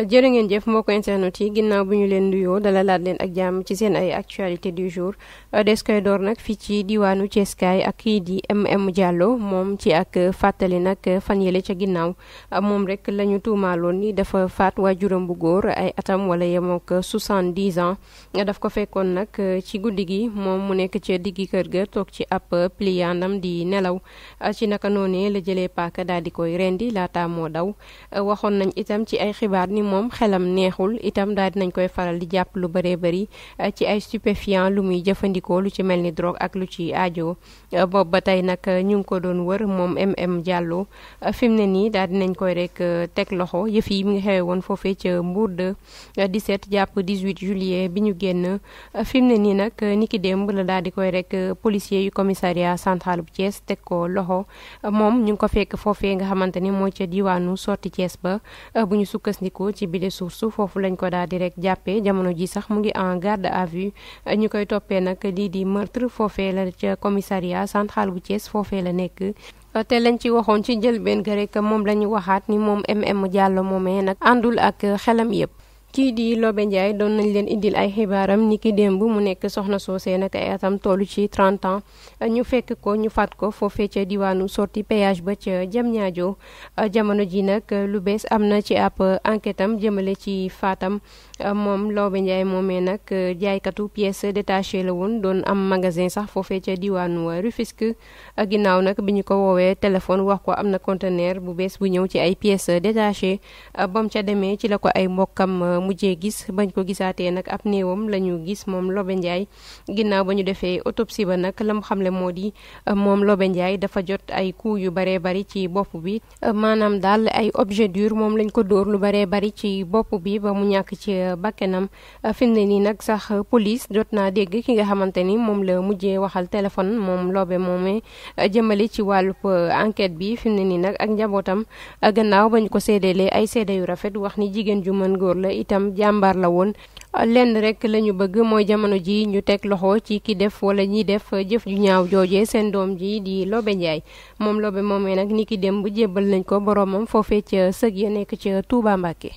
jërë ngeen jëf mbokk internet yi ginnaaw bu ñu leen nuyoo dalalaat leen ak jàmm ci seen ay actualité du jour des koy door nag fii ci diwaanu Ceeskaay ak kii di MM Diallo moom ci ak fàttali nag fan yële ca ginnaaw moom rek lañu tuumaaloon ni dafa faat waajuram bu góor ay atam walla yemook 70 ans daf ko fekkoon nag ci guddi gi moom mu nekk ca diggi kër ga toog ci ab pliandam di nelaw ci naka noonee la jëlee paaka daal di koy rendi laata moo daw ay xibaar ni moom xelam neexul itam daal dinañ koy faral di jàpp lu bëree bari eh, ci ay stupéfiant lu muy jëfandikoo lu ci mel ni drogue ak lu ci ajo eh, boobu ba tey nag eh, ñu ngi ko doon wër moom MM jàlloo fi mu ne nii daal dinañ koy rek teg loxo yëf yi mi ngi xewee woon foofee ca Mbour de 17 jàpp 18 juillet bi ñu génn fi mu ne nii nag ni ki démb la daal di koy rek policier yu commissariat central bu cees teg ko loxo moom ñu ngi ko fekk foofee nga xamante ni mooy ca diwaanu sorti Thiès ba ci bile suuf su foofu lañ ko daal di rek jàppee jamono ji sax mu ngi en garde à ñu koy toppee nag lii di meurtre foofee la ca commissariat central bu Thiès foofe la nekk. te lañ ci waxoon ci njëlbeen ga rek moom la ñu waxaat ni moom MM Diallo moomee nag àndul ak xelam yépp kii di Lobé Ndiaye doon nañ leen indil ay xibaaram ni ki démb mu nekk soxna soosee nag ay atam toolu ci 30 ans ñu fekk ko ñu faat ko foofee ca diwaanu sorti péage ba ca jam Diamniadio jamono ji nag lu bees am na ci ab enquête am jëmale ci faatam moom Lobé Ndiaye moomee nag jaaykatu pièce détachée la woon doon am magasin sax foofee ca diwaanu Rufisque ginnaaw nag bi ñu ko woowee téléphone wax ko am na conteneur bu bees bu ñëw ci ay pièces détachées bam ca demee ci la ko ay mbokkam mujjee gis bañ ko gisaatee nag ab néewam la ñu gis moom Lobe njaay ginnaaw ba ñu defee autopsie ba nag lam xamle moo di euh, moom Lobe njaay dafa jot ay coups yu baree bari ci bopp bi euh, maanaam daal ay objet moom lañ ko dóor lu baree bari ci bopp bi ba mu ñàkk ci euh, bakkenam fi mu ne nii nag sax police jot naa dégg ki nga xamante ni moom la mujjee waxal téléphone moom Lobe moomee jëmale ci wàllub enquête bi fi mu ne nii nag ak njabootam gannaaw bañ ko séedeelee ay séede yu rafet wax ni jigéen ju mën góor la it itam jàmbaar la woon lenn rek la ñu bëgg mooy jamono ji ñu teg loxo ci ki def wala ñi def jëf ju ñaaw jooje seen doom ji di lobe Ndiaye moom Lobé moomee nag ni ki dem bu jébbal nañ ko boromam foofee ca sëg ya nekk ca Touba Mbacké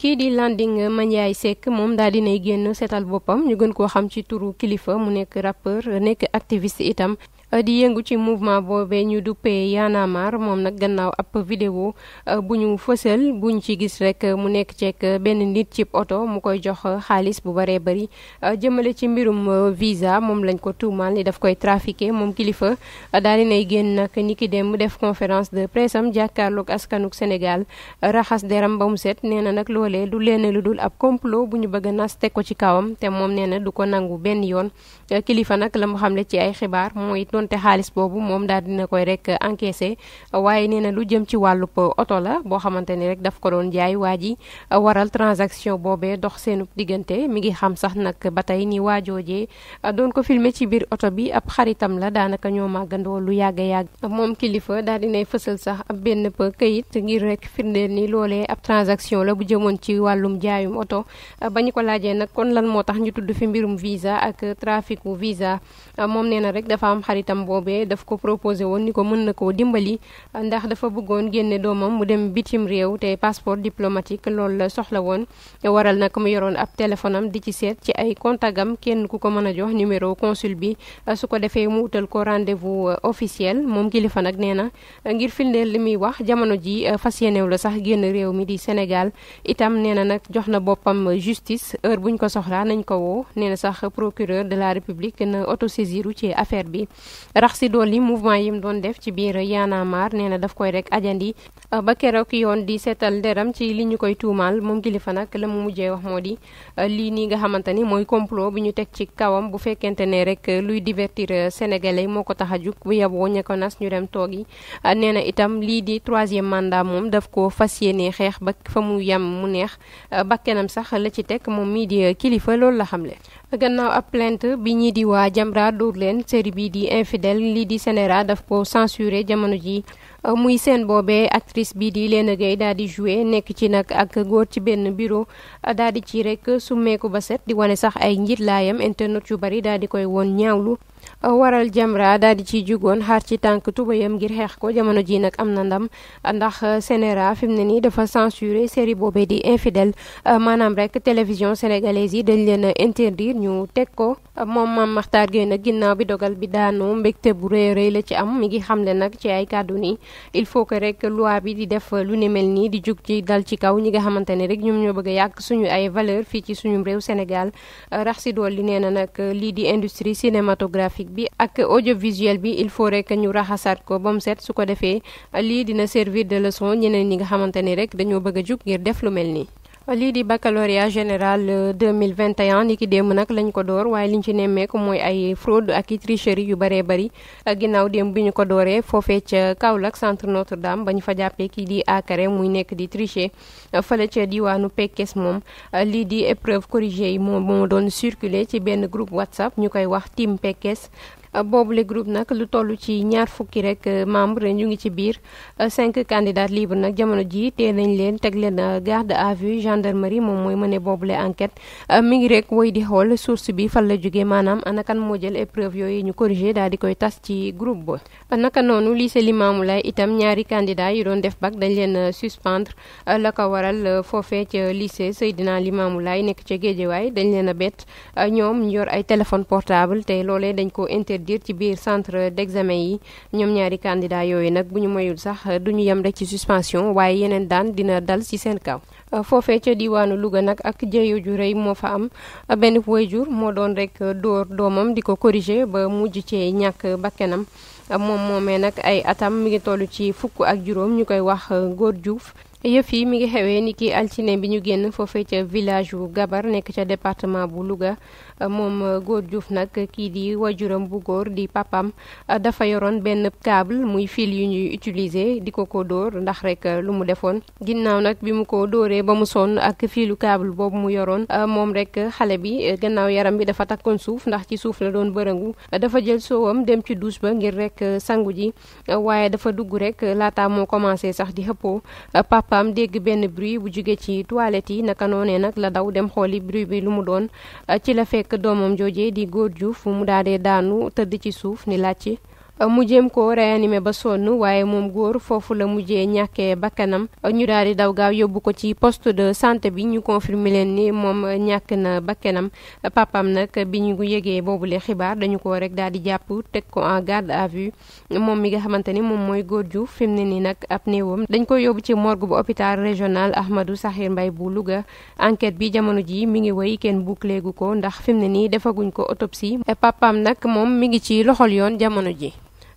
kii di Landing Mandiaye sekk moom daal dinay génn seetal boppam ñu gën ko xam ci turu kilifa mu nekk rappeur nekk activiste itam Eh, di yëngu ci mouvement boobee ñu duppee Y'en moom nag gannaaw ab vidéo eh, bu ñu fësal ñu ci gis rek eh, mu nekk ceek benn nit cib oto mu koy jox xaalis bu baree bari jëmale ci mbirum visa moom lañ ko tuumaal ni daf koy trafiqué moom kilifa daal dinay génn nag ni ki dem def conférence de presse am jàkkaarloog askanuk Sénégal raxas deram ba mu set nee na nag loolee du lenn lu dul ab complot bu ñu bëgg a nas teg ko ci kawam te moom nee na du ko nangu benn yoon nag la mu xamle donte xaalis boobu moom daal dina koy rek encaissé waaye nee na lu jëm ci wàllub oto la boo xamante ni rek daf ko doon jaay waa ji waral transaction boobee dox seenu diggante mi ngi xam sax nag ba tey ni waajoojee doon ko filmer ci biir oto bi ab xaritam la daanaka ñoo màggandoo lu yàgg yàgg moom kilifa daal dinay fësal sax ab benn pa këyit ngir rek firndeel ni loolee ab transaction la bu jëmoon ci wàllum jaayum oto bañ ko laajee nag kon lan moo tax ñu tudd fi mbirum visa ak traficu visa tam boobee daf ko proposé woon ni ko mën na koo dimbali ndax dafa bëggoon génne doomam mu dem bitim réew te passeport diplomatique loolu la soxla woon waral na nag mu yoroon ab téléphone am di ci seet ci ay contagam kenn ku ko mën a jox numéro consul bi su ko defee mu utal ko rendez-vous euh, officiel moom kilifa nag nee na ngir firndeel li muy wax jamono ji euh, fas yéenew la sax génn réew mi di Sénégal itam nee na nag jox na boppam justice heure buñ ko soxlaa nañ ko woo nee na sax procureur de la République na auto saisiru ci affaire bi rax si dool yi mouvement yi mu doon def ci biir yaanamar nee na daf koy rek ajandi euh, ba keroog yoon di seetal deram ci li ñu koy tuumaal moom kilifa nag la mujjee wax moo di euh, lii nii nga xamante ni mooy complot bi ñu teg ci kawam bu fekkente ne rek euh, luy divertir sénégalais moo ko tax a jug bu yaboo ña ko nas ñu dem toog yi nee na itam lii di troisième mandat moom daf ko fas yéene xeex ba fa mu yam mu neex bakkenam sax la ci teg moom mii di kilifa loolu la xam xamle gannaaw ab plainte bi ñii di waa Jamra dóor leen série bi di infidel lii di Sénéra daf ko censuré jamono ji muy seen boobee actrice bi di Léna Gueye daal di joué nekk ci nag ak góor ci benn bureau daal di ci rek summeeku ba set di wane sax ay njiit laayam internet yu bari daal di koy woon ñaawlu waral Jamra daal di ciy jugoon xaar ci tànk tubéyam ngir xeex ko jamono ji nag am na ndam ndax euh, sénéra fi mu ne nii dafa censuré série boobe di infidel euh, maanaam rek télévision sénégalaise yi dañ leen a interdire ñu teg ko euh, moom Mame Makhtar Gueye ginnaaw bi dogal bi daanu mbégte bu rëy rëy la ci am mi ngi xamle nag ci ay kàddu ni il faut que rek loi bi di def lu ne mel nii di jug ci dal ci kaw ñi nga xamante ne rek ñoom ñoo bëgg a yàq suñu ay valeur fii ci suñu réew Sénégal rax nag lii di industrie cinématographique bi ak audiovisuel bi il faut rek ñu raxasaat ko ba mu set su ko defee lii dina servir de leçon ñeneen ñi nga xamante ni rek dañoo bëgg a ngir def lu mel nii lii di baccalauréat général 2021 euh, ni ki démb nag lañ ko door waaye li ñu ci nemmeeku mooy ay fraude ak i tricherie yu bëree bëri ginnaaw démb bi ñu ko dooree foofee ca Kaolack centre Notre Dame ba ñu fa jàppee kii di Akare muy nekk di tricher euh, fële ca diwaanu Pekes moom euh, lii di épreuve corrigée yi moom moo doon circuler ci benn groupe WhatsApp ñu koy wax team Pekes boobule groupe nag lu toll ci ñaar fukki rek euh, membre ñu ngi ci biir euh, cinq candidats libres nag jamono ji tee nañ leen teg leen euh, garde à vue gendarmerie moom mooy mëne boobule enquête mi ngi rek woy di xool source bi fan la jógee maanaam anakan moo jël épreuve yooyu ñu corrigé daal di koy tas ci groupe ba naka noonu lycée Limamou Laye itam ñaari candidat yi doon def bac dañ leen suspendre la ko waral foofee ca lycée Seydina Limamou Laye nekk ca Géejawaay dañ leen a bett ñoom ñu ay téléphone portable dire ci biir centre d'examen yi ñoom ñaari candidat yooyu nag bu ñu moyul sax duñu yem rek ci suspension waaye yeneen daan dina dal ci seen kaw foofee ca diwaanu Louga nag ak jayo ju rëy moo fa am benn waajur moo doon rek dóor doomam di ko corriger ba mujj cee ñàkk bakkenam moom moomee nag ay atam mi ngi toll ci fukk ak juróom ñu koy wax góor Diouf yëf yi mi ngi xewee nit ki altine bi ñu génn foofee ca village bu Gabar nekk ca département bu Louga moom euh, góor juuf nag kii di wajuram bu góor di papam euh, dafa yoroon benn cable muy fil yu ñuy utiliser di ko ko dóor ndax rek euh, lu mu defoon ginnaaw nag bi mu ko dóoree ba mu sonn ak fiilu cable boobu mu yoroon moom rek xale bi gannaaw yaram bi dafa takkoon suuf ndax ci suuf la doon bërëngu dafa jël soowam dem ci douche ba ngir rek sangu ji waaye dafa dugg rek laata moo commencé sax di xëppoo femme dégg benn bruit bu jóge ci toilette yi naka noonee nag la daw dem xooli bruit bi lu mu doon ci la fekk doomam joojee di góor juuf mu dee daanu tëdd ci suuf ni laajte Euh, mu jéem ko réanimé ba sonn waaye moom góor foofu la mujjee ñàkkee bakkanam euh, ñu daal di daw gaaw yóbbu ko ci poste de santé bi ñu confirmer leen ni moom ñàkk na bakkanam euh, papam nag bi ñu yëgee boobule xibaar dañu ko rek daal di jàpp teg ko en garde à vue moom mi nga xamante ni moom mooy góor ju fi mu ne nii nag ab néewam dañ koy yóbbu ci morgue bu hôpital régional Ahmadou Sakhir mbay bu luga enquête bi jamono ji mi ngi woy kenn bouclé gu ko ndax fi ne nii defaguñ ko autopsie papam nag moom mi ngi ci loxol yoon jamono ji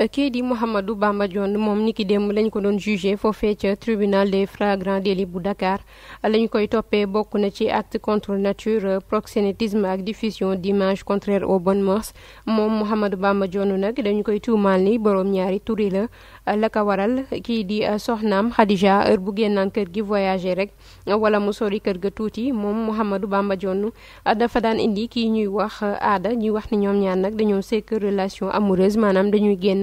Euh, kii di Mouhamadou Bamba Dione moom ki démb lañ ko doon jugé foofee ca tribunal de flagrants délits bu Dakar lañ koy toppee bokk na ci acte contre nature euh, proxénétisme ak diffusion d'image contraire au bonnes mœurs moom Mouhamadou Bamba Dione nag dañu koy tuumaal ni boroom ñaari turi la euh, la ko waral kii di soxnaam Khadija heure bu génnaan kër gi voyagé rek wala mu sori kër ga tuuti moom Mouhamadou Bamba Dione dafa daan indi kii ñuy wax aada ñuy wax ni ñoom ñaar nag dañoo sekk relation amoureuse maanaam dañuy génn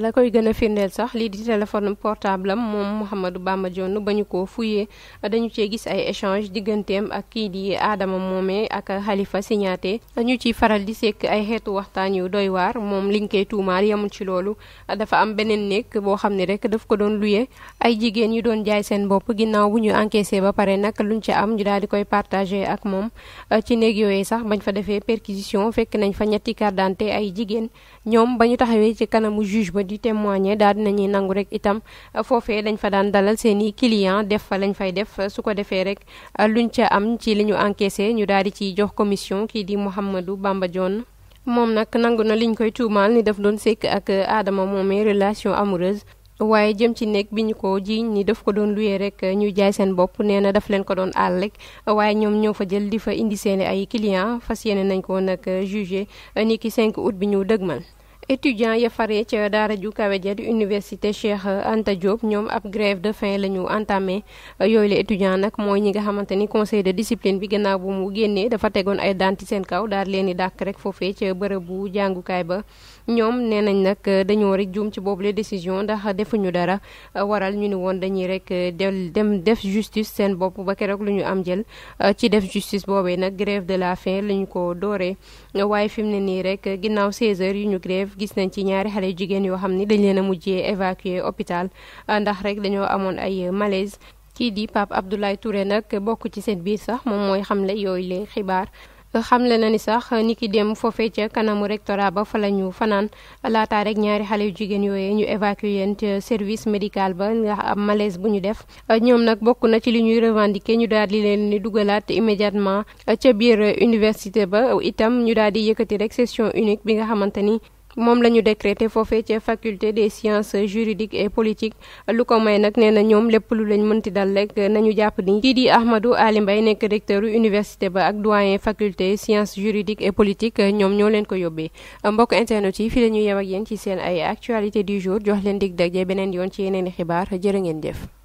la koy gën a firndeel sax lii di téléphone portable am moom Mouhamadou Bamba Dione ba ñu ko fuyee dañu cee gis ay échange digganteem ak kii di Adama Moome ak xalifa Signaté dañu ciy faral di sekk ay xeetu waxtaan yu doy waar moom liñ koy tuumaal yemul ci loolu dafa am beneen néeg boo xam ne rek daf ko doon luye ay jigéen yu doon jaay seen bopp ginnaaw bu ñu encaissé ba pare nag luñ ci am ñu daal di koy partagé ak moom ci néeg yooyu sax bañ fa defee perquisition fekk nañ fa ñetti carte ay jigéen di témoigner daal dinañuy nangu rek itam euh, foofe dañ fa daan dalal seen i client def fa lañ fay def su ko defee rek euh, luñ ca am ci li ñu encaissé ñu daal di ciy jox commission kii di Mouhamadou Bamba Dione moom nag nangu na liñ koy tuumaal ni daf doon sekk ak aadama euh, moomee relation amoureuse waaye jëm ci néeg bi ñu ko jiiñ ni daf ko doon luyee rek ñuy jaay seen bopp nee na daf leen ko doon àll rek waaye ñoom ñoo fa jël di fa indi seeni ay client fas yéene nañ ko nag jugé ni ki 5 août bi ñu dëgmal étudiants ya fare ca daara ju kawe ja di université Cheikh Anta Diop ñoom ab grève de faim la ñu entamé yooyu la étudiant nag mooy ñi nga xamante ni conseil de discipline bi gannaaw bu mu génnee dafa tegoon ay daan seen kaw daal leen di dàkk rek foofee ca bërëb bu jàngukaay ba ñoom nee nañ nag euh, dañoo rek juum ci boobu boobule décision ndax defuñu dara euh, waral ñu ni woon dañuy rek euh, del dem def justice seen bopp ba keroog lu ñu am jël ci def justice boobee nag grève de la faim lañu ko dooree waaye fi mu ne nii rek ginnaaw 16 yu ñu grève gis nañ ci ñaari xale yu jigéen yoo xam ni dañu leen a mujjee évacuer hôpital ndax rek dañoo amoon ay malaise kii di Pape Abdoulaye Touré nag bokk ci seen biir sax moom mooy xam xamle yooyu leen xibaar xamle na ni sax ni ki dem foofe ca kanamu rectorat ba fa la ñu fanaan laataa rek ñaari xale yu jigéen yooyee ñu évacué leen ca service médical ba nga am malaise bu ñu def ñoom nag bokk na ci li ñuy revendiquer ñu daal di leen ni dugalaat immédiatement ca biir université ba itam ñu daal di yëkkati rek session unique bi nga xamante ni moom la ñu décrété foofee ca faculté des sciences juridiques et politiques lu ko may nag nee na ñoom lépp lu lañ mënti dal rek nañu jàpp ni kii di Ahmadou Ali nekk recteur université ba ak doyen faculté sciences juridiques et politiques ñoom ñoo leen ko yóbbee mbokk internet yi fi la ñu yew ak yéen ci seen ay actualité du jour jox leen dig daje beneen yoon ci yeneen i xibaar jërë ngeen jëf